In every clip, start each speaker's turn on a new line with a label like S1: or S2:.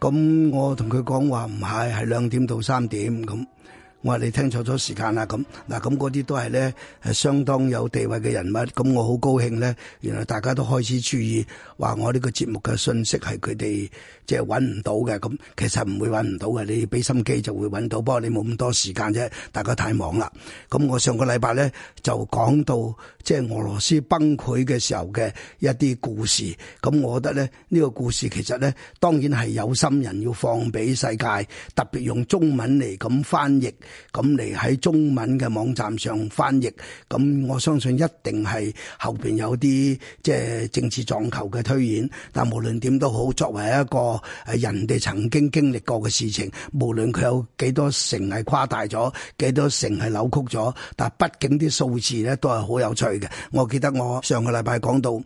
S1: 咁我同佢講話，唔係，係兩點到三點咁。我話你聽錯咗時間啦，咁嗱，咁嗰啲都係咧，係相當有地位嘅人物，咁我好高興咧，原來大家都開始注意，話我呢個節目嘅信息係佢哋即係搵唔到嘅，咁其實唔會搵唔到嘅，你俾心機就會搵到，不過你冇咁多時間啫，大家太忙啦。咁我上個禮拜咧就講到即係俄羅斯崩潰嘅時候嘅一啲故事，咁我覺得咧呢個故事其實咧當然係有心人要放俾世界，特別用中文嚟咁翻譯。咁嚟喺中文嘅網站上翻譯，咁我相信一定係後邊有啲即係政治撞球嘅推演。但無論點都好，作為一個誒人哋曾經經歷過嘅事情，無論佢有幾多成係誇大咗，幾多成係扭曲咗，但畢竟啲數字咧都係好有趣嘅。我記得我上個禮拜講到。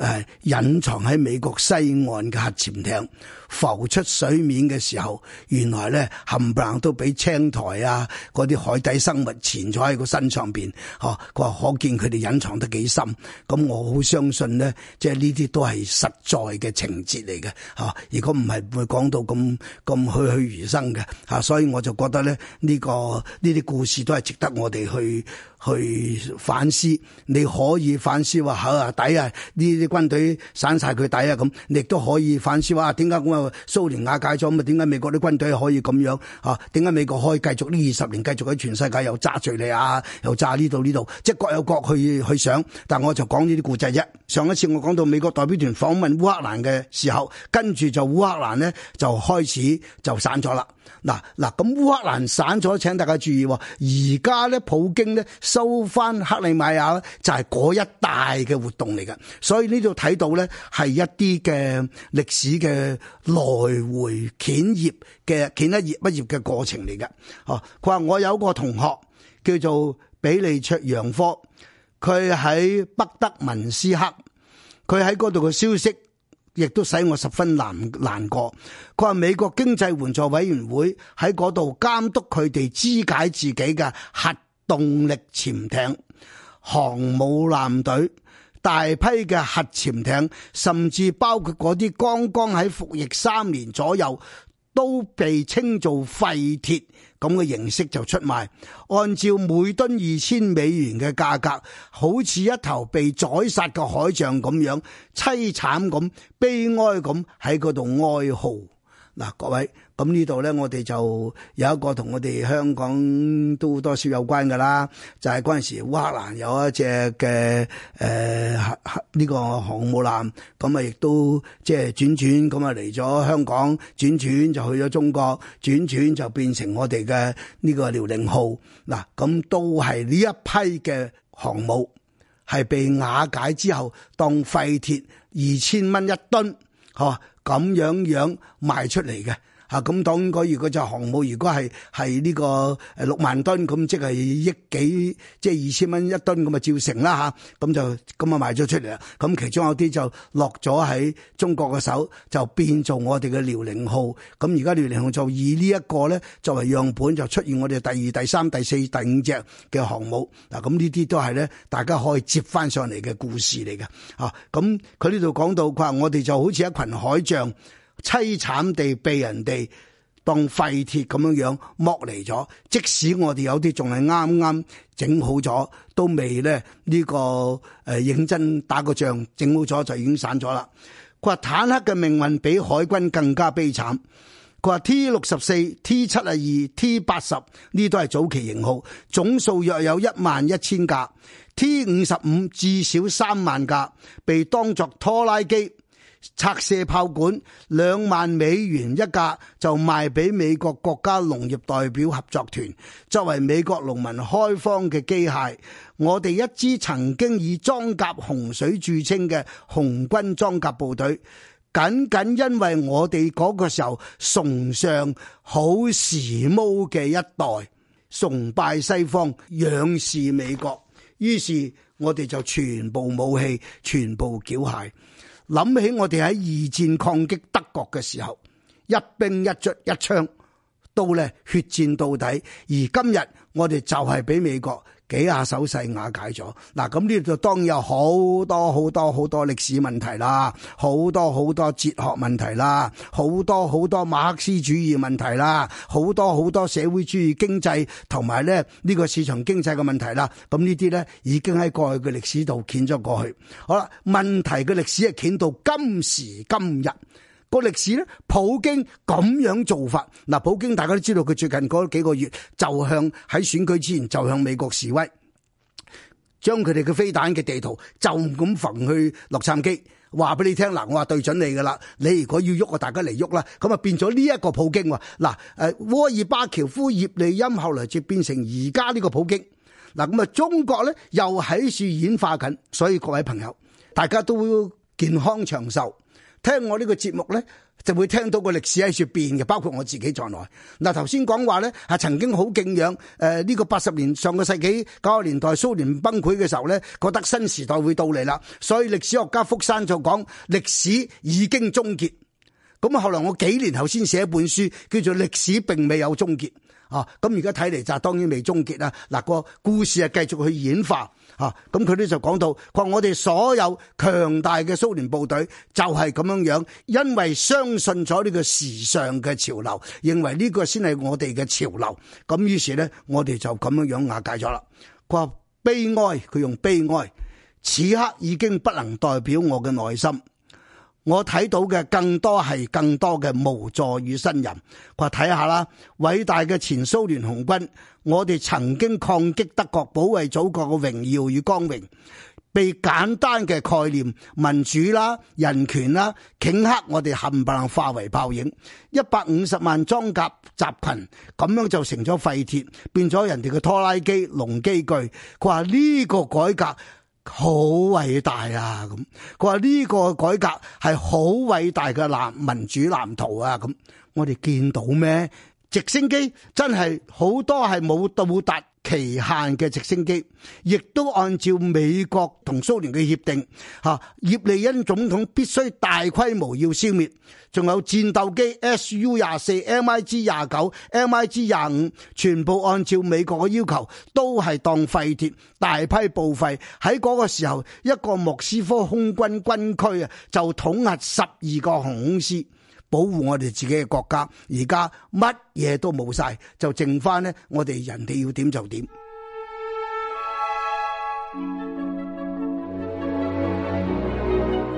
S1: 誒，隱藏喺美國西岸嘅核潛艇浮出水面嘅時候，原來咧冚唪唥都俾青苔啊，嗰啲海底生物潛咗喺個身上邊，嗬、哦，佢話可見佢哋隱藏得幾深。咁我好相信呢，即係呢啲都係實在嘅情節嚟嘅，嗬、哦。如果唔係，會講到咁咁栩栩如生嘅，吓、啊。所以我就覺得咧，呢、這個呢啲故事都係值得我哋去去反思。你可以反思話吓底啊呢啲。軍隊散晒佢底啊！咁亦都可以反思話，點解咁啊？蘇聯瓦解咗，咁啊？點解美國啲軍隊可以咁樣啊？點解美國可以繼續呢二十年，繼續喺全世界又揸敘利亞，又揸呢度呢度，即係各有各去去想。但我就講呢啲故仔啫。上一次我講到美國代表團訪問烏克蘭嘅時候，跟住就烏克蘭呢，就開始就散咗啦。嗱嗱，咁烏克蘭散咗，請大家注意，而家咧普京咧收翻克里米亞，就係嗰一帶嘅活動嚟嘅，所以呢度睇到咧係一啲嘅歷史嘅來回遣業嘅遣一業畢業嘅過程嚟嘅。哦、啊，佢話我有一個同學叫做比利卓揚科，佢喺北德文斯克，佢喺嗰度嘅消息。亦都使我十分難難過。佢話美國經濟援助委員會喺嗰度監督佢哋肢解自己嘅核動力潛艇、航母艦隊、大批嘅核潛艇，甚至包括嗰啲剛剛喺服役三年左右，都被稱做廢鐵。咁嘅形式，就出賣，按照每噸二千美元嘅價格，好似一頭被宰殺嘅海象咁樣淒慘咁、悲哀咁喺嗰度哀嚎。嗱，各位，咁呢度咧，我哋就有一個同我哋香港都多少有關噶啦，就係嗰陣時烏克蘭有一隻嘅誒。呃呢個航母艦咁啊，亦都即係轉轉咁啊，嚟咗香港，轉轉就去咗中國，轉轉就變成我哋嘅呢個遼寧號嗱，咁都係呢一批嘅航母係被瓦解之後當廢鐵二千蚊一噸，嚇咁樣樣賣出嚟嘅。啊！咁當嗰如果隻航母如果係係呢個誒六萬噸咁，即係億幾即係二千蚊一噸咁啊，照成啦嚇！咁就咁啊賣咗出嚟啦。咁其中有啲就落咗喺中國嘅手，就變做我哋嘅遼寧號。咁而家遼寧號就以呢一個咧作為樣本，就出現我哋第二、第三、第四、第五隻嘅航母。嗱，咁呢啲都係咧，大家可以接翻上嚟嘅故事嚟嘅。啊！咁佢呢度講到佢話，我哋就好似一群海象。淒慘地被人哋當廢鐵咁樣樣剝嚟咗，即使我哋有啲仲係啱啱整好咗，都未咧呢個誒認真打過仗整好咗就已經散咗啦。佢話坦克嘅命運比海軍更加悲慘。佢話 T 六十四、72, T 七啊二、T 八十呢都係早期型號，總數約有一萬一千架，T 五十五至少三萬架被當作拖拉機。拆卸炮管，兩萬美元一架就賣俾美國國家農業代表合作團，作為美國農民開荒嘅機械。我哋一支曾經以裝甲洪水著稱嘅紅軍裝甲部隊，僅僅因為我哋嗰個時候崇尚好時髦嘅一代，崇拜西方，仰視美國，於是我哋就全部武器，全部繳械。諗起我哋喺二戰抗擊德國嘅時候，一兵一卒一槍都咧血戰到底，而今日我哋就係俾美國。幾下手勢瓦解咗，嗱咁呢度當然有好多好多好多歷史問題啦，好多好多哲學問題啦，好多好多馬克思主義問題啦，好多好多社會主義經濟同埋咧呢個市場經濟嘅問題啦，咁呢啲咧已經喺過去嘅歷史度捲咗過去，好啦，問題嘅歷史係捲到今時今日。個歷史咧，普京咁樣做法嗱，普京大家都知道，佢最近嗰幾個月就向喺選舉之前就向美國示威，將佢哋嘅飛彈嘅地圖就咁焚去洛杉磯，話俾你聽嗱，我話對準你㗎喇，你如果要喐，大家嚟喐啦，咁啊變咗呢一個普京嗱，誒，戈爾巴喬夫葉利欽後來就變成而家呢個普京嗱，咁啊中國咧又喺處演化緊，所以各位朋友，大家都會健康長壽。聽我呢個節目呢，就會聽到個歷史喺處變嘅，包括我自己在內。嗱，頭先講話呢，係曾經好敬仰誒，呢、呃呢個八十年上個世紀九十年代蘇聯崩潰嘅時候呢，覺得新時代會到嚟啦。所以歷史學家福山就講，歷史已經終結。咁後來我幾年後先寫一本書，叫做《歷史並未有終結》啊。咁而家睇嚟就當然未終結啦。嗱、啊，個故事係繼續去演化。啊！咁佢呢就講到，佢話我哋所有強大嘅蘇聯部隊就係咁樣樣，因為相信咗呢個時尚嘅潮流，認為呢個先係我哋嘅潮流。咁於是呢，我哋就咁樣樣瓦解咗啦。佢話悲哀，佢用悲哀，此刻已經不能代表我嘅內心。我睇到嘅更多係更多嘅無助與呻吟。佢話睇下啦，偉大嘅前蘇聯紅軍，我哋曾經抗擊德國，保衛祖國嘅榮耀與光榮，被簡單嘅概念民主啦、啊、人權啦、啊，頃刻我哋冚唪唥化為泡影。一百五十萬裝甲集群咁樣就成咗廢鐵，變咗人哋嘅拖拉機、農機具。佢話呢個改革，好偉大啊！咁佢話呢個改革係好偉大嘅藍民主藍圖啊！咁我哋見到咩？直升機真係好多係冇到達。期限嘅直升機，亦都按照美國同蘇聯嘅協定吓，葉利欽總統必須大規模要消滅，仲有戰鬥機 S U 廿四、24, M I G 廿九、29, M I G 廿五，25, 全部按照美國嘅要求都係當廢鐵大批報廢。喺嗰個時候，一個莫斯科空軍軍區啊，就統轄十二個航空師。保護我哋自己嘅國家，而家乜嘢都冇晒，就剩翻呢。我哋人哋要點就點。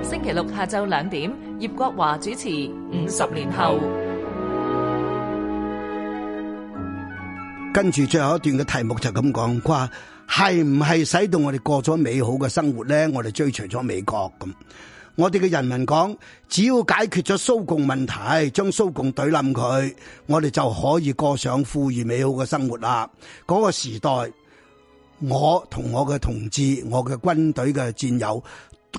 S1: 星期六下晝兩點，葉國華主持《五十年後》。跟住最後一段嘅題目就咁講，佢話係唔係使到我哋過咗美好嘅生活咧？我哋追隨咗美國咁。我哋嘅人民講，只要解決咗蘇共問題，將蘇共懟冧佢，我哋就可以過上富裕美好嘅生活啦。嗰、那個時代，我同我嘅同志、我嘅軍隊嘅戰友，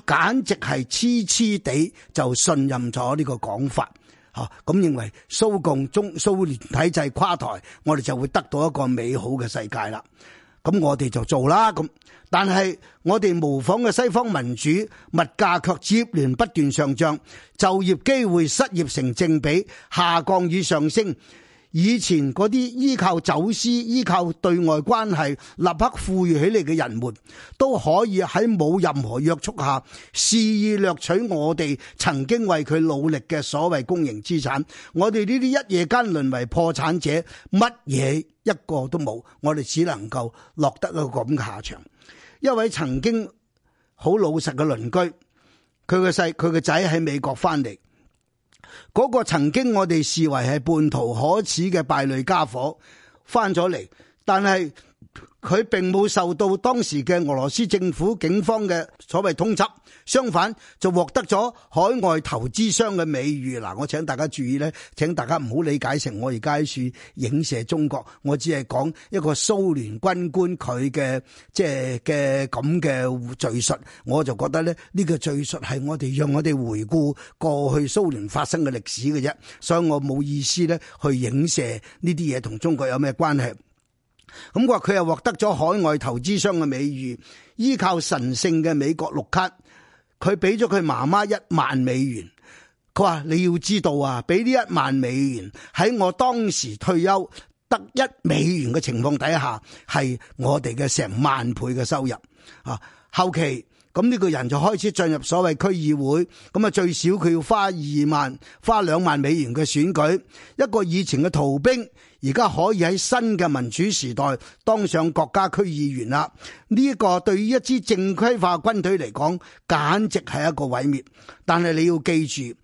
S1: 簡直係痴痴地就信任咗呢個講法，吓、啊、咁認為蘇共中蘇聯體制垮台，我哋就會得到一個美好嘅世界啦。咁我哋就做啦咁，但係我哋模仿嘅西方民主，物價卻接連不斷上漲，就業機會失業成正比，下降與上升。以前嗰啲依靠走私、依靠對外關係立刻富裕起嚟嘅人們，都可以喺冇任何約束下肆意掠取我哋曾經為佢努力嘅所謂公營資產。我哋呢啲一夜間淪為破產者，乜嘢一個都冇。我哋只能夠落得到咁嘅下場。一位曾經好老實嘅鄰居，佢個細佢個仔喺美國翻嚟。嗰個曾經我哋視為係叛徒可恥嘅敗類家伙，翻咗嚟，但係。佢並冇受到當時嘅俄羅斯政府警方、嘅所謂通緝，相反就獲得咗海外投資商嘅美譽。嗱，我請大家注意咧，請大家唔好理解成我而家喺處影射中國，我只係講一個蘇聯軍官佢嘅即係嘅咁嘅敘述，我就覺得咧呢個敘述係我哋讓我哋回顧過去蘇聯發生嘅歷史嘅啫。所以我冇意思咧去影射呢啲嘢同中國有咩關係。咁話佢又獲得咗海外投資商嘅美譽，依靠神聖嘅美國綠卡，佢俾咗佢媽媽一萬美元。佢話你要知道啊，俾呢一萬美元喺我當時退休得一美元嘅情況底下，係我哋嘅成萬倍嘅收入啊。後期。咁呢個人就開始進入所謂區議會，咁啊最少佢要花二萬、花兩萬美元嘅選舉，一個以前嘅逃兵而家可以喺新嘅民主時代當上國家區議員啦。呢一個對於一支正規化軍隊嚟講，簡直係一個毀滅。但係你要記住。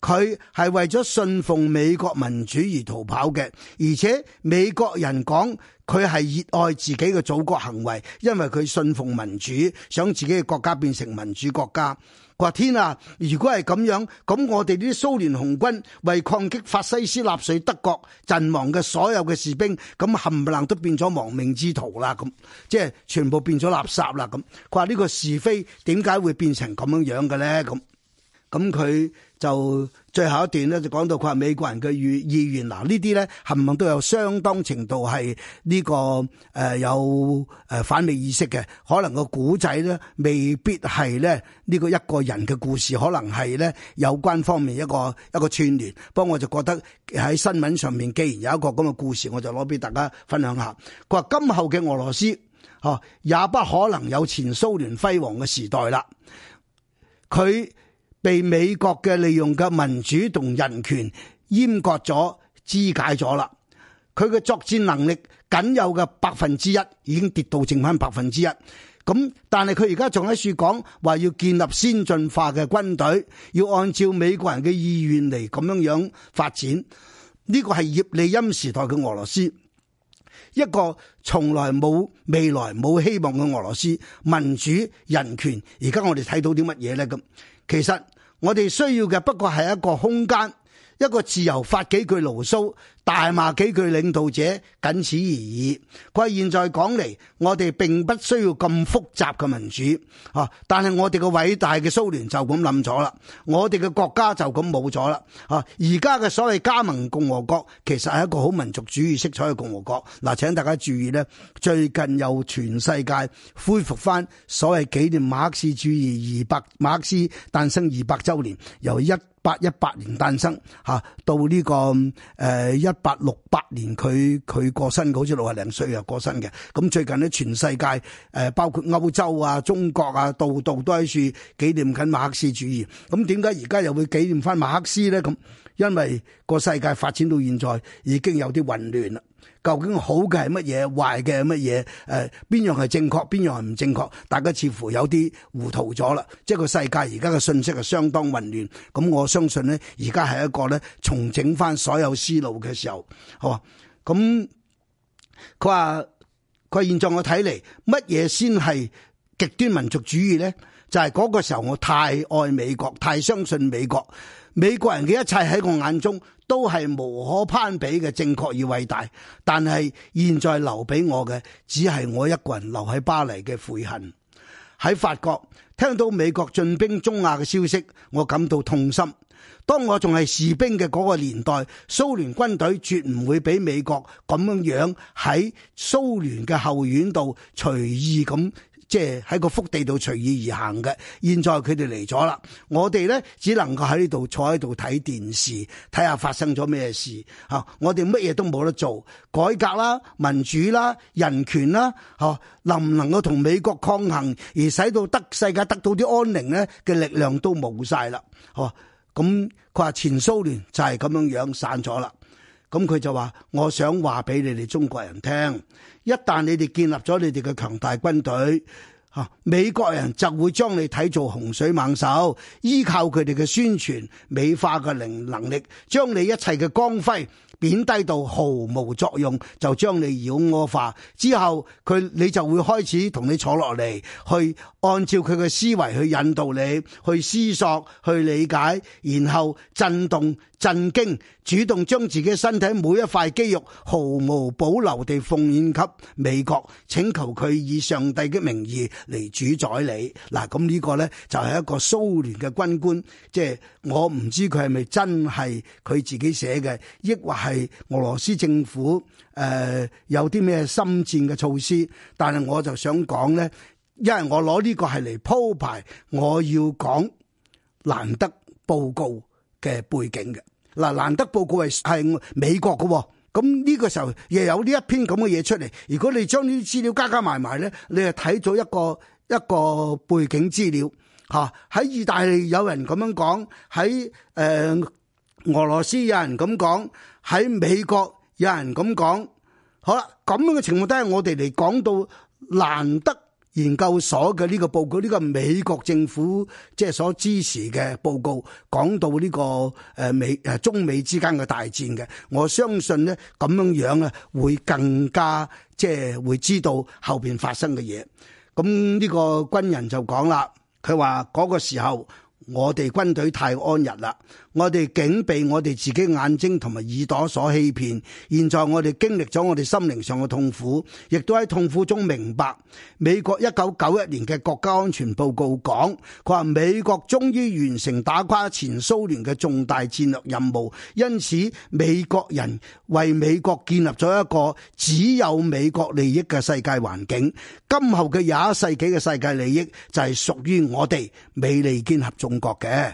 S1: 佢係為咗信奉美國民主而逃跑嘅，而且美國人講佢係熱愛自己嘅祖國行為，因為佢信奉民主，想自己嘅國家變成民主國家。佢話天啊，如果係咁樣，咁我哋呢啲蘇聯紅軍為抗擊法西斯納粹德國陣亡嘅所有嘅士兵，咁冚唪唥都變咗亡命之徒啦，咁即係全部變咗垃圾啦，咁佢話呢個是非點解會變成咁樣樣嘅咧？咁咁佢。就最後一段咧，就講到佢話美國人嘅意意願，嗱呢啲咧，係咪都有相當程度係呢、這個誒、呃、有誒反美意識嘅？可能個古仔咧，未必係咧呢個一個人嘅故事，可能係咧有關方面一個一個串聯。不過我就覺得喺新聞上面，既然有一個咁嘅故事，我就攞俾大家分享下。佢話：今後嘅俄羅斯哦，也不可能有前蘇聯輝煌嘅時代啦。佢。被美國嘅利用嘅民主同人權閹割咗、肢解咗啦。佢嘅作戰能力僅有嘅百分之一已經跌到剩翻百分之一咁，但係佢而家仲喺處講話要建立先進化嘅軍隊，要按照美國人嘅意願嚟咁樣樣發展。呢個係葉利欽時代嘅俄羅斯，一個從來冇未來冇希望嘅俄羅斯民主人權。而家我哋睇到啲乜嘢咧？咁。其實我哋需要嘅不過係一個空間，一個自由發幾句牢騷。大罵幾句領導者，僅此而已。佢話現在講嚟，我哋並不需要咁複雜嘅民主，嚇！但係我哋嘅偉大嘅蘇聯就咁冧咗啦，我哋嘅國家就咁冇咗啦，嚇！而家嘅所謂加盟共和國其實係一個好民族主義色彩嘅共和國，嗱，請大家注意咧，最近又全世界恢復翻所謂紀念馬克思主義二百馬克思誕生二百周年，由一八一八年誕生吓到呢、這個誒一。呃八六八年佢佢過身，好似六十零歲啊過身嘅。咁最近呢，全世界誒，包括歐洲啊、中國啊，度度都喺處紀念緊馬克思主義。咁點解而家又會紀念翻馬克思咧？咁因為個世界發展到現在已經有啲混亂。究竟好嘅係乜嘢，壞嘅係乜嘢？誒、呃，邊樣係正確，邊樣係唔正確？大家似乎有啲糊塗咗啦，即係個世界而家嘅信息係相當混亂。咁我相信呢，而家係一個咧重整翻所有思路嘅時候。好，咁佢話佢現在我睇嚟乜嘢先係極端民族主義呢？就係、是、嗰個時候我太愛美國，太相信美國，美國人嘅一切喺我眼中，都係無可攀比嘅正確而偉大，但係現在留俾我嘅，只係我一個人留喺巴黎嘅悔恨。喺法國聽到美國進兵中亞嘅消息，我感到痛心。當我仲係士兵嘅嗰個年代，蘇聯軍隊絕唔會俾美國咁樣樣喺蘇聯嘅後院度隨意咁。即係喺個福地度隨意而行嘅，現在佢哋嚟咗啦。我哋咧只能夠喺呢度坐喺度睇電視，睇下發生咗咩事嚇。我哋乜嘢都冇得做，改革啦、民主啦、人權啦，嚇能唔能夠同美國抗衡，而使到得得世界得到啲安寧咧嘅力量都冇晒啦，嚇咁佢話前蘇聯就係咁樣樣散咗啦。咁佢就話：我想話俾你哋中國人聽，一旦你哋建立咗你哋嘅強大軍隊，吓，美國人就會將你睇做洪水猛獸，依靠佢哋嘅宣傳美化嘅能力，將你一切嘅光輝。貶低到毫無作用，就將你妖魔化，之後佢你就會開始同你坐落嚟，去按照佢嘅思維去引導你，去思索，去理解，然後震動、震驚，主動將自己身體每一塊肌肉毫無保留地奉獻給美國，請求佢以上帝嘅名義嚟主宰你。嗱，咁呢個咧就係一個蘇聯嘅軍官，即係我唔知佢係咪真係佢自己寫嘅，抑或係。係俄羅斯政府誒、呃、有啲咩心戰嘅措施，但係我就想講咧，因為我攞呢個係嚟，鋪排，我要講難得報告嘅背景嘅。嗱、啊，難得報告係係美國嘅、哦，咁呢個時候又有呢一篇咁嘅嘢出嚟。如果你將啲資料加加埋埋咧，你係睇咗一個一個背景資料吓。喺、啊、意大利有人咁樣講，喺誒、呃、俄羅斯有人咁講。喺美國有人咁講，好啦，咁樣嘅情況都係我哋嚟講到蘭德研究所嘅呢個報告，呢、這個美國政府即係所支持嘅報告，講到呢、這個誒美誒中美之間嘅大戰嘅，我相信咧咁樣樣咧會更加即係、就是、會知道後邊發生嘅嘢。咁呢個軍人就講啦，佢話嗰個時候我哋軍隊太安逸啦。我哋竟被我哋自己眼睛同埋耳朵所欺騙。現在我哋經歷咗我哋心靈上嘅痛苦，亦都喺痛苦中明白，美國一九九一年嘅國家安全報告講，佢話美國終於完成打垮，前蘇聯嘅重大戰略任務，因此美國人為美國建立咗一個只有美國利益嘅世界環境。今後嘅廿一世紀嘅世界利益就係屬於我哋美利堅合眾國嘅。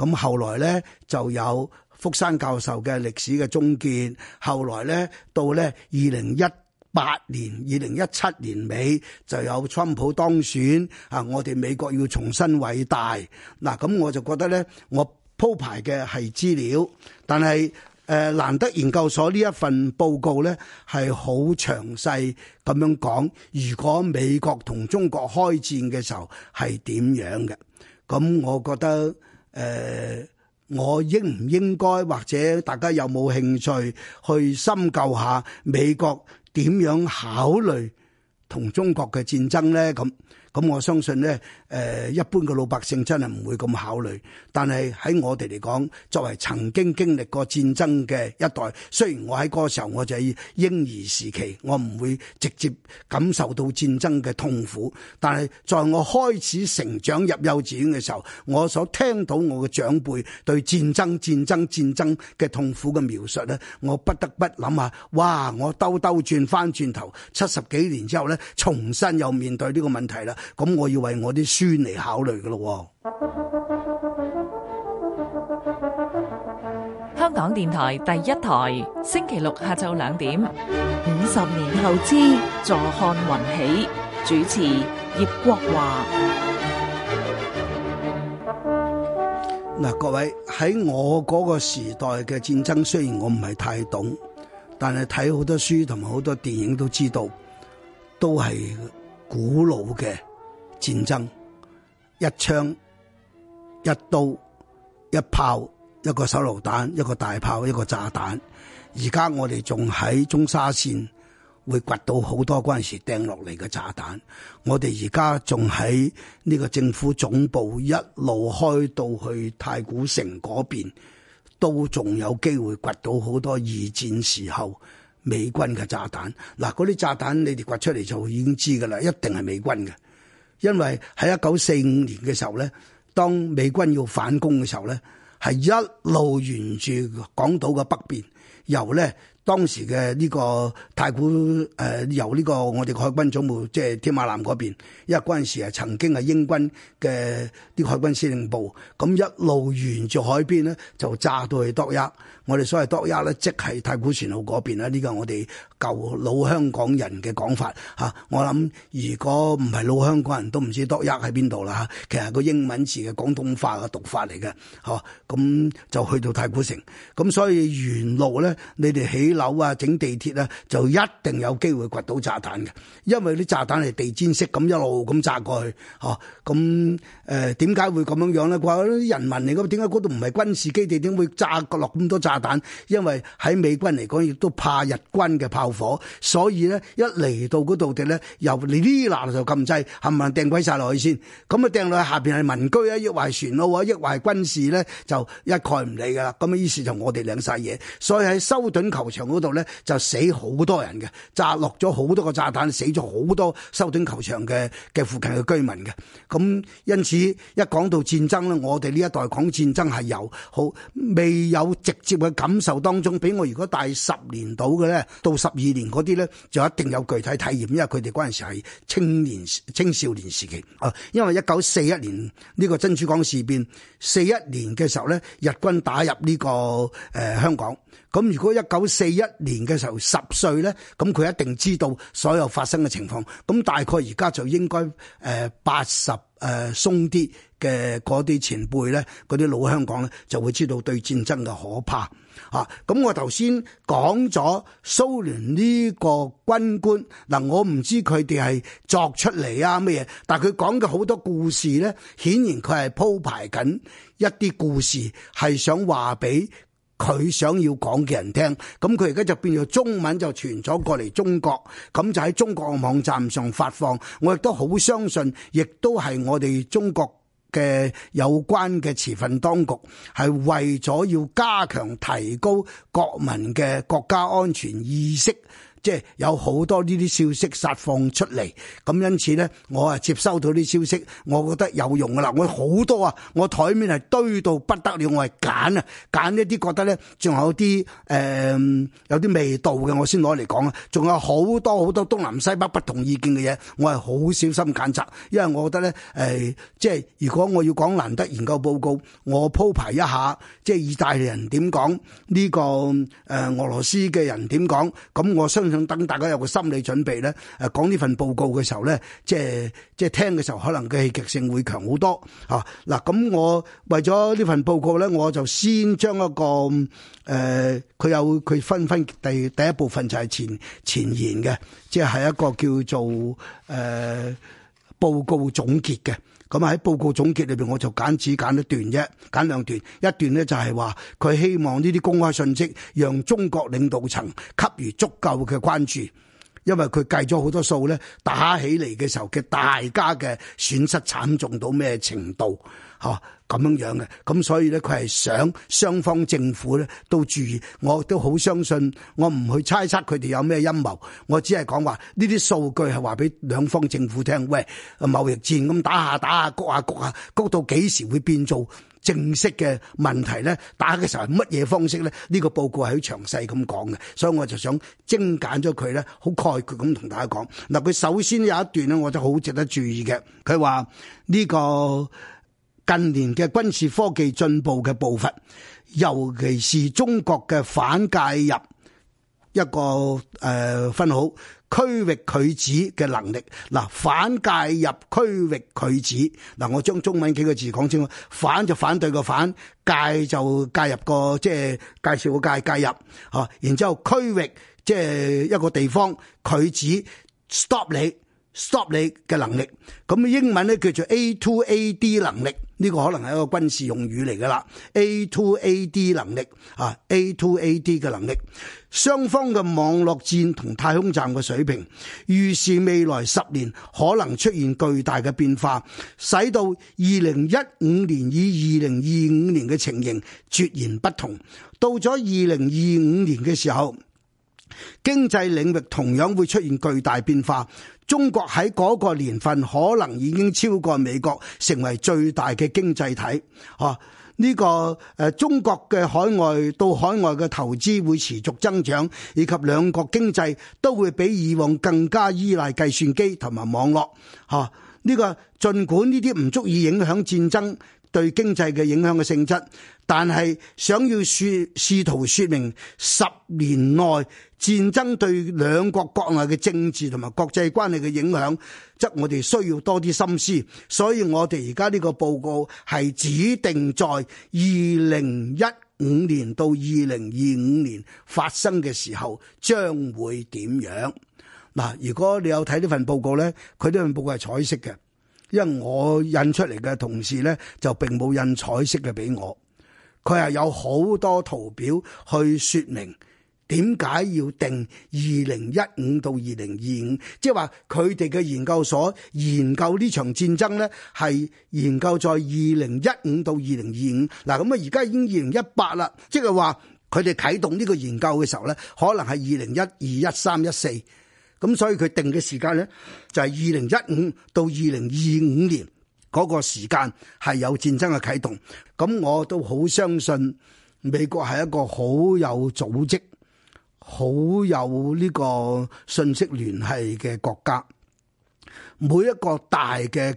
S1: 咁後來咧就有福山教授嘅歷史嘅終結，後來咧到咧二零一八年、二零一七年尾就有川普當選，啊，我哋美國要重新偉大。嗱、啊，咁我就覺得咧，我鋪排嘅係資料，但係誒、呃、蘭德研究所呢一份報告咧係好詳細咁樣講，如果美國同中國開戰嘅時候係點樣嘅，咁我覺得。誒、呃，我應唔應該，或者大家有冇興趣去深究下美國點樣考慮同中國嘅戰爭咧？咁。咁我相信咧，誒、呃、一般嘅老百姓真係唔會咁考慮，但係喺我哋嚟講，作為曾經經歷過戰爭嘅一代，雖然我喺嗰時候我就係嬰兒時期，我唔會直接感受到戰爭嘅痛苦。但係在我開始成長入幼稚園嘅時候，我所聽到我嘅長輩對戰爭戰爭戰爭嘅痛苦嘅描述咧，我不得不諗下，哇！我兜兜轉翻轉頭七十幾年之後咧，重新又面對呢個問題啦。咁我要為我啲書嚟考慮㗎咯。香港電台第一台，星期六下晝兩點，五十年後之坐看雲起，主持葉國華。嗱，各位，喺我嗰個時代嘅戰爭，雖然我唔係太懂，但係睇好多書同埋好多電影都知道，都係古老嘅。戰爭一槍，一刀，一炮，一個手榴彈，一個大炮，一個炸彈，而家我哋仲喺中沙綫會掘到好多嗰陣時掟落嚟嘅炸彈。我哋而家仲喺呢個政府總部一路開到去太古城嗰邊，都仲有機會掘到好多二戰時候美軍嘅炸彈。嗱，嗰啲炸彈你哋掘出嚟就已經知㗎喇，一定係美軍嘅。因為喺一九四五年嘅時候咧，當美軍要反攻嘅時候咧，係一路沿住港島嘅北邊，由咧當時嘅呢個太古誒、呃，由呢個我哋海軍總部，即係添馬艦嗰邊，因為嗰陣時係曾經係英軍嘅啲海軍司令部，咁一路沿住海邊咧，就炸到去篤一。我哋所謂多一咧，Do、即係太古船路嗰邊啦。呢個我哋舊老香港人嘅講法嚇。我諗如果唔係老香港人都唔知多一喺邊度啦嚇。其實個英文字嘅廣東話嘅讀法嚟嘅，嗬、哦，咁、嗯、就去到太古城。咁、嗯、所以沿路咧，你哋起樓啊、整地鐵啊，就一定有機會掘到炸彈嘅。因為啲炸彈係地氈式咁一路咁炸過去，嗬、哦。咁誒點解會咁樣樣咧？話啲人民嚟嘅，點解嗰度唔係軍事基地，點會炸落咁多炸彈，因為喺美軍嚟講，亦都怕日軍嘅炮火，所以咧一嚟到嗰度嘅咧，又你呢嗱，就撳掣，係咪掟鬼晒落去先去？咁啊掟落去下邊係民居啊，抑或係船路啊，抑或係軍事咧就一概唔理噶啦。咁啊，於是就我哋領晒嘢，所以喺修頓球場嗰度咧就死好多人嘅，炸落咗好多個炸彈，死咗好多修頓球場嘅嘅附近嘅居民嘅。咁因此一講到戰爭咧，我哋呢一代講戰爭係有好未有直接感受當中，比我如果大十年到嘅呢，到十二年嗰啲呢，就一定有具體體驗，因為佢哋嗰陣時係青年青少年時期啊。因為一九四一年呢、這個珍珠港事變，四一年嘅時候呢，日軍打入呢、這個誒、呃、香港。咁如果一九四一年嘅時候十歲呢，咁佢一定知道所有發生嘅情況。咁大概而家就應該誒八十。呃誒、呃、鬆啲嘅嗰啲前輩咧，嗰啲老香港咧，就會知道對戰爭嘅可怕嚇。咁、啊嗯、我頭先講咗蘇聯呢個軍官嗱、呃，我唔知佢哋係作出嚟啊乜嘢，但係佢講嘅好多故事咧，顯然佢係鋪排緊一啲故事，係想話俾佢想要講嘅人聽，咁佢而家就變咗中文就傳咗過嚟中國，咁就喺中國嘅網站上發放。我亦都好相信，亦都係我哋中國嘅有關嘅持份當局係為咗要加強提高國民嘅國家安全意識。即係有好多呢啲消息釋放出嚟，咁因此咧，我啊接收到啲消息，我覺得有用噶啦。我好多啊，我台面係堆到不得了，我係揀啊，揀一啲覺得咧仲有啲誒、呃、有啲味道嘅，我先攞嚟講啊。仲有好多好多東南西北不同意見嘅嘢，我係好小心揀擇，因為我覺得咧誒、呃、即係如果我要講難得研究報告，我鋪排一下，即係意大利人點講呢個誒、呃、俄羅斯嘅人點講，咁我相信。等大家有個心理準備咧，誒、呃、講呢份報告嘅時候咧，即係即係聽嘅時候，可能嘅戲劇性會強好多嚇。嗱、啊，咁我為咗呢份報告咧，我就先將一個誒佢、呃、有佢分分第第一部分就係前前言嘅，即係係一個叫做誒、呃、報告總結嘅。咁喺報告總結裏邊我就揀只揀一段啫，揀兩段。一段呢就係話佢希望呢啲公開信息讓中國領導層給予足夠嘅關注，因為佢計咗好多數咧，打起嚟嘅時候，佢大家嘅損失慘重到咩程度？吓咁、哦、樣樣嘅，咁所以咧佢係想雙方政府咧都注意，我都好相信我唔去猜測佢哋有咩陰謀，我只係講話呢啲數據係話俾兩方政府聽，喂，貿易戰咁打下打下，谷下谷下，谷下谷下谷下谷下到幾時會變做正式嘅問題咧？打嘅時候係乜嘢方式咧？呢、這個報告係好詳細咁講嘅，所以我就想精簡咗佢咧，好概括咁同大家講。嗱，佢首先有一段咧，我都好值得注意嘅，佢話呢個。近年嘅軍事科技進步嘅步伐，尤其是中國嘅反介入一個誒分好區域拒止嘅能力。嗱，反介入區域拒止，嗱，我將中文幾個字講清楚。反就反對個反，介就介入個，即係介紹個介、介入，嚇。然之後區域即係、就是、一個地方拒止，stop 你。Stop 你嘅能力，咁英文咧叫做 A to A D 能力，呢、這個可能係一個軍事用語嚟噶啦。A to A D 能力啊，A to A D 嘅能力，雙方嘅網絡戰同太空戰嘅水平，預示未來十年可能出現巨大嘅變化，使到二零一五年與二零二五年嘅情形截然不同。到咗二零二五年嘅時候。經濟領域同樣會出現巨大變化。中國喺嗰個年份可能已經超過美國，成為最大嘅經濟體。吓、啊、呢、這個誒、啊，中國嘅海外到海外嘅投資會持續增長，以及兩國經濟都會比以往更加依賴計算機同埋網絡。吓、啊、呢、這個盡管呢啲唔足以影響戰爭。對經濟嘅影響嘅性質，但係想要說試圖說明十年內戰爭對兩國國內嘅政治同埋國際關係嘅影響，則我哋需要多啲心思。所以我哋而家呢個報告係指定在二零一五年到二零二五年發生嘅時候將會點樣？嗱，如果你有睇呢份報告呢，佢呢份報告係彩色嘅。因為我印出嚟嘅同事咧，就並冇印彩色嘅俾我，佢係有好多圖表去說明點解要定二零一五到二零二五，即係話佢哋嘅研究所研究呢場戰爭咧，係研究在二零一五到二零二五。嗱，咁啊，而家已經二零一八啦，即係話佢哋啟動呢個研究嘅時候咧，可能係二零一二、一三、一四。咁所以佢定嘅時間咧，就係二零一五到二零二五年嗰個時間係有戰爭嘅啟動。咁我都好相信美國係一個好有組織、好有呢個信息聯繫嘅國家，每一個大嘅，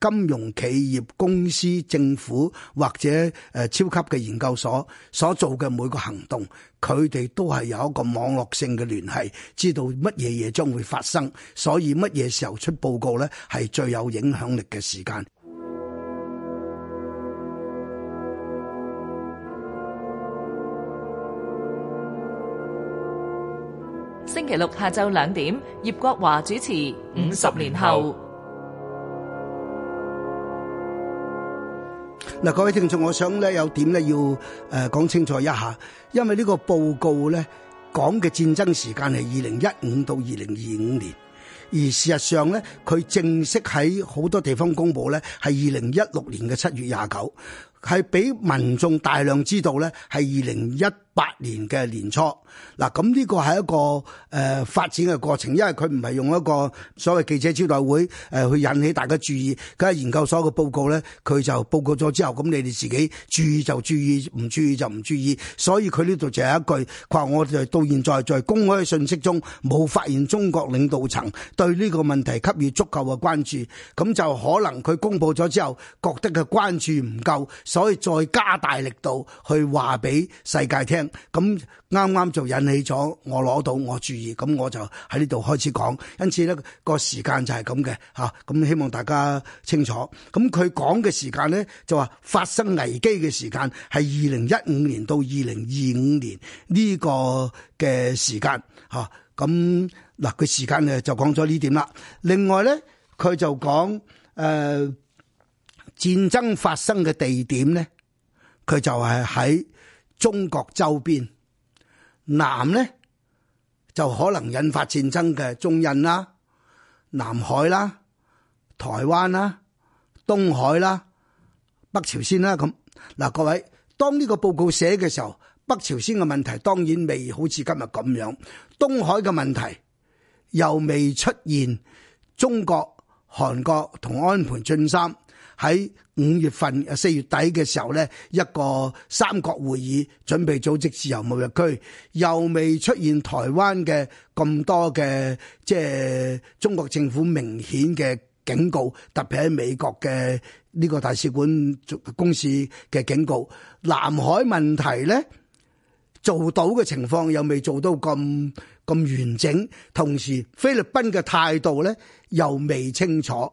S1: 金融企業、公司、政府或者誒超級嘅研究所所做嘅每個行動，佢哋都係有一個網絡性嘅聯繫，知道乜嘢嘢將會發生，所以乜嘢時候出報告咧，係最有影響力嘅時間。星期六下晝兩點，葉國華主持《五十年後》。嗱，各位聽眾，我想咧有點咧要誒講清楚一下，因為呢個報告咧講嘅戰爭時間係二零一五到二零二五年，而事實上咧，佢正式喺好多地方公布咧，係二零一六年嘅七月廿九，係俾民眾大量知道咧，係二零一。八年嘅年初，嗱咁呢個係一個誒、呃、發展嘅過程，因為佢唔係用一個所謂記者招待會誒、呃、去引起大家注意，梗係研究所嘅報告咧，佢就報告咗之後，咁你哋自己注意就注意，唔注意就唔注意，所以佢呢度就係一句，佢話我哋到現在在公開信息中冇發現中國領導層對呢個問題給予足夠嘅關注，咁就可能佢公佈咗之後，覺得佢關注唔夠，所以再加大力度去話俾世界聽。咁啱啱就引起咗我攞到我注意，咁我就喺呢度開始講，因此咧個時間就係咁嘅吓，咁希望大家清楚。咁佢講嘅時間咧就話發生危機嘅時間係二零一五年到二零二五年呢個嘅時間吓，咁嗱佢時間咧就講咗呢點啦。另外咧佢就講誒、呃、戰爭發生嘅地點咧，佢就係喺。中國周邊南呢，就可能引發戰爭嘅中印啦，南海啦、台灣啦、東海啦、北朝鮮啦。咁嗱。各位，當呢個報告寫嘅時候，北朝鮮嘅問題當然未好似今日咁樣，東海嘅問題又未出現中國、韓國同安倍晉三。喺五月份、四月底嘅時候呢，一個三國會議準備組織自由貿易區，又未出現台灣嘅咁多嘅，即係中國政府明顯嘅警告，特別喺美國嘅呢個大使館公事嘅警告。南海問題呢，做到嘅情況又未做到咁咁完整，同時菲律賓嘅態度呢，又未清楚。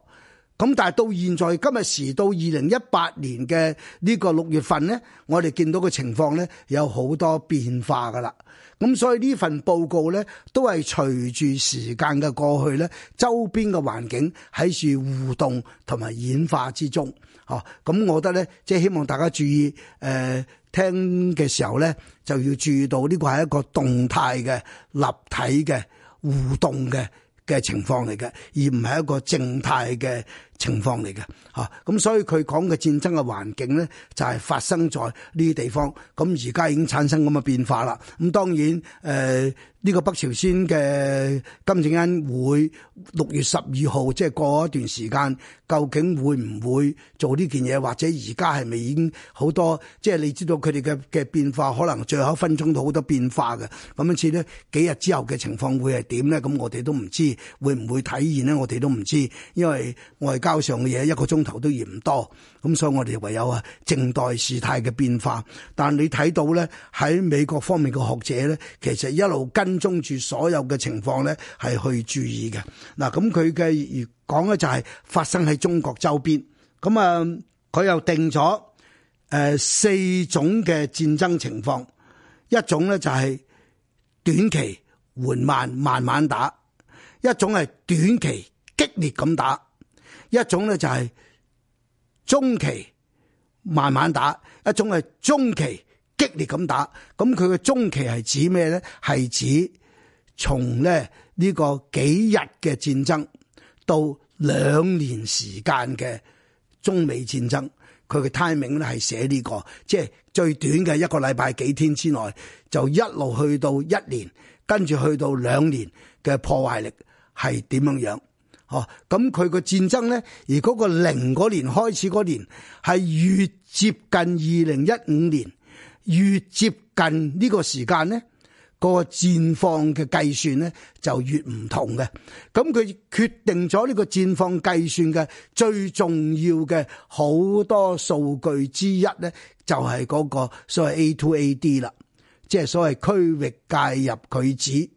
S1: 咁但係到現在今日時到二零一八年嘅呢個六月份咧，我哋見到個情況咧有好多變化噶啦。咁所以呢份報告咧都係隨住時間嘅過去咧，周邊嘅環境喺處互動同埋演化之中。吓，咁我覺得咧，即係希望大家注意，誒、呃，聽嘅時候咧就要注意到呢個係一個動態嘅立體嘅互動嘅嘅情況嚟嘅，而唔係一個靜態嘅。情況嚟嘅吓，咁、啊、所以佢講嘅戰爭嘅環境咧，就係、是、發生在呢啲地方。咁而家已經產生咁嘅變化啦。咁當然誒呢、呃這個北朝鮮嘅金正恩會六月十二號即係過一段時間究竟會唔會做呢件嘢，或者而家係咪已經好多？即、就、係、是、你知道佢哋嘅嘅變化，可能最後一分鐘都好多變化嘅。咁樣似咧，幾日之後嘅情況會係點咧？咁我哋都唔知，會唔會體現咧？我哋都唔知，因為我哋交上嘅嘢一個鐘頭都嫌唔多，咁所以我哋唯有啊靜待事態嘅變化。但你睇到咧，喺美國方面嘅學者咧，其實一路跟蹤住所有嘅情況咧係去注意嘅嗱。咁佢嘅講咧就係發生喺中國周邊咁啊，佢又定咗誒四種嘅戰爭情況，一種咧就係短期緩慢慢慢打，一種係短期激烈咁打。一種咧就係中期慢慢打，一種係中期激烈咁打。咁佢嘅中期係指咩咧？係指從咧呢個幾日嘅戰爭到兩年時間嘅中美戰爭，佢嘅 timing 咧係寫呢個，即係最短嘅一個禮拜幾天之內就一路去到一年，跟住去到兩年嘅破壞力係點樣樣。哦，咁佢個戰爭咧，而個零年開始年，係越接近二零一五年，越接近呢個時間咧，個戰況嘅計算咧就越唔同嘅。咁佢決定咗呢個戰況計算嘅最重要嘅好多數據之一咧，就係、是、個所謂 A to A D 啦，即係所謂區域介入拒止。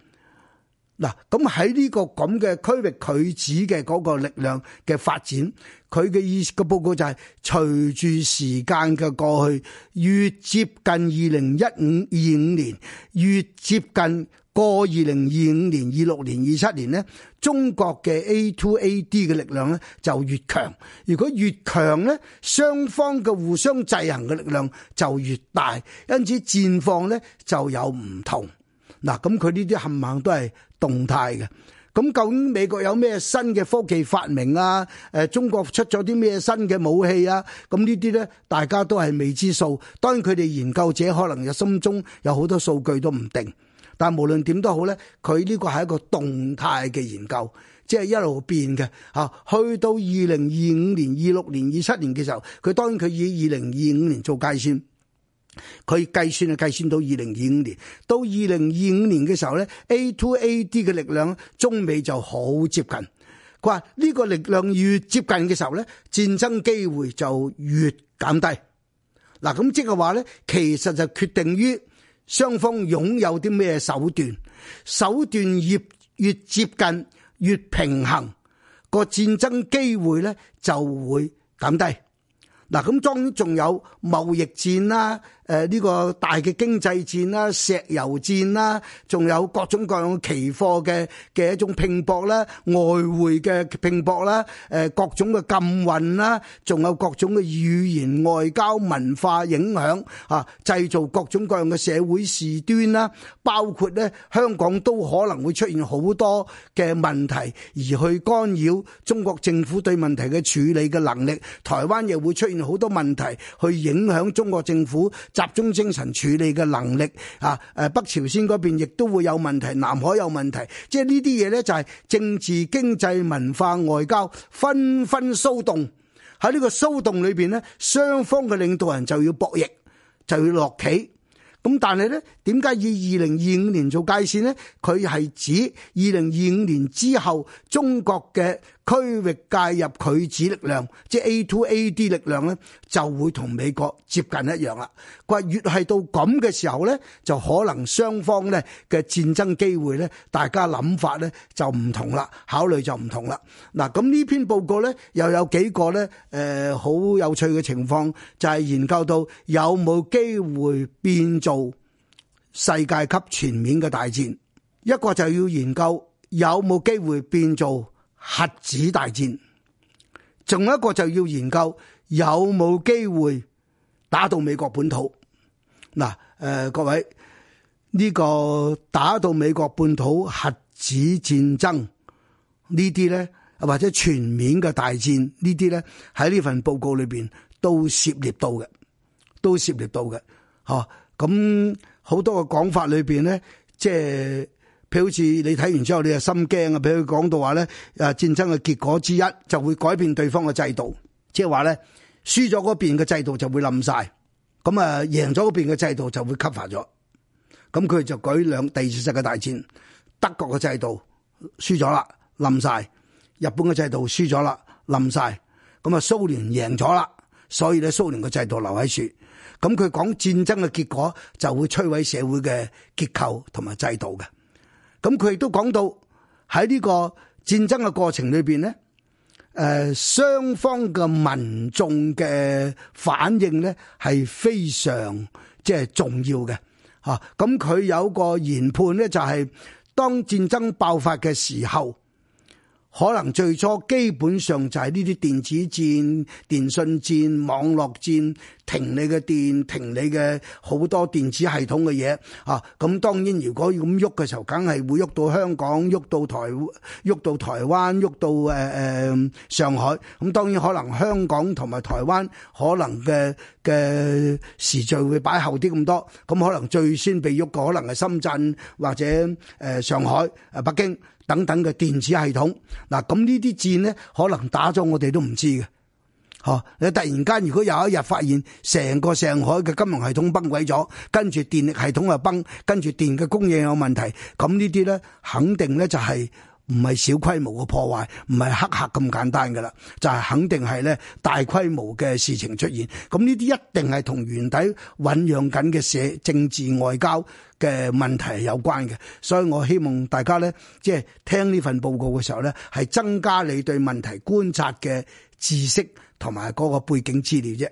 S1: 嗱，咁喺呢個咁嘅區域，佢指嘅嗰個力量嘅發展，佢嘅意思嘅報告就係隨住時間嘅過去，越接近二零一五二五年，越接近過二零二五年、二六年、二七年，呢中國嘅 A2AD 嘅力量咧就越強。如果越強呢，雙方嘅互相制衡嘅力量就越大，因此戰況呢就有唔同。嗱，咁佢呢啲冚唪唥都係動態嘅。咁究竟美國有咩新嘅科技發明啊？誒，中國出咗啲咩新嘅武器啊？咁呢啲咧，大家都係未知數。當然佢哋研究者可能有心中有好多數據都唔定。但無論點都好咧，佢呢個係一個動態嘅研究，即係一路變嘅吓、啊。去到二零二五年、二六年、二七年嘅時候，佢當然佢以二零二五年做界線。佢計算啊，計算到二零二五年，到二零二五年嘅時候咧，A2AD 嘅力量中美就好接近。佢話呢個力量越接近嘅時候咧，戰爭機會就越減低。嗱，咁即係話咧，其實就決定於雙方擁有啲咩手段，手段越越接近越平衡，個戰爭機會咧就會減低。嗱，咁當然仲有貿易戰啦。誒呢個大嘅經濟戰啦、石油戰啦，仲有各種各樣嘅期貨嘅嘅一種拼搏啦、外匯嘅拼搏啦、誒各種嘅禁運啦，仲有各種嘅語言外交文化影響嚇、啊，製造各種各樣嘅社會事端啦，包括呢香港都可能會出現好多嘅問題，而去干擾中國政府對問題嘅處理嘅能力，台灣又會出現好多問題去影響中國政府。集中精神處理嘅能力啊！誒、啊，北朝鮮嗰邊亦都會有問題，南海有問題，即係呢啲嘢咧就係、是、政治、經濟、文化、外交紛紛騷動，喺呢個騷動裏邊呢，雙方嘅領導人就要博弈，就要落棋。咁但係咧，點解以二零二五年做界線呢？佢係指二零二五年之後中國嘅。區域介入拒止力量，即係 A to A D 力量咧，就會同美國接近一樣啦。佢話越係到咁嘅時候咧，就可能雙方咧嘅戰爭機會咧，大家諗法咧就唔同啦，考慮就唔同啦。嗱，咁呢篇報告咧又有幾個咧？誒，好有趣嘅情況就係研究到有冇機會變做世界級全面嘅大戰，一個就要研究有冇機會變做。核子大戰，仲有一個就要研究有冇機會打到美國本土。嗱，誒、呃，各位呢、呢個打到美國本土核子戰爭呢啲咧，或者全面嘅大戰呢啲咧，喺呢份報告裏邊都涉獵到嘅，都涉獵到嘅。吓、啊，咁好多嘅講法裏邊咧，即係。譬如好似你睇完之後，你就心驚啊！譬如佢講到話咧，誒戰爭嘅結果之一就會改變對方嘅制度，即係話咧輸咗嗰邊嘅制度就會冧晒，咁啊贏咗嗰邊嘅制度就會吸發咗。咁佢就舉兩第二次世界大戰德國嘅制度輸咗啦，冧晒；日本嘅制度輸咗啦，冧晒。咁啊蘇聯贏咗啦，所以咧蘇聯嘅制度留喺度。咁佢講戰爭嘅結果就會摧毀社會嘅結構同埋制度嘅。咁佢亦都講到喺呢個戰爭嘅過程裏邊咧，誒雙方嘅民眾嘅反應咧係非常即係重要嘅嚇。咁、啊、佢有個研判咧，就係當戰爭爆發嘅時候，可能最初基本上就係呢啲電子戰、電信戰、網絡戰。停你嘅電，停你嘅好多電子系統嘅嘢嚇。咁、啊、當然，如果咁喐嘅時候，梗係會喐到香港，喐到台，喐到台灣，喐到誒誒、呃、上海。咁當然可能香港同埋台灣可能嘅嘅時序會擺後啲咁多。咁可能最先被喐嘅，可能係深圳或者誒、呃、上海、誒北京等等嘅電子系統。嗱、啊，咁呢啲戰呢，可能打咗我哋都唔知嘅。哦，你突然間如果有一日發現成個上海嘅金融系統崩毀咗，跟住電力系統又崩，跟住電嘅供應有問題，咁呢啲咧肯定咧就係、是。唔係小規模嘅破壞，唔係黑客咁簡單噶啦，就係肯定係咧大規模嘅事情出現。咁呢啲一定係同原底醞釀緊嘅社政治外交嘅問題有關嘅。所以我希望大家咧，即係聽呢份報告嘅時候咧，係增加你對問題觀察嘅知識同埋嗰個背景資料啫。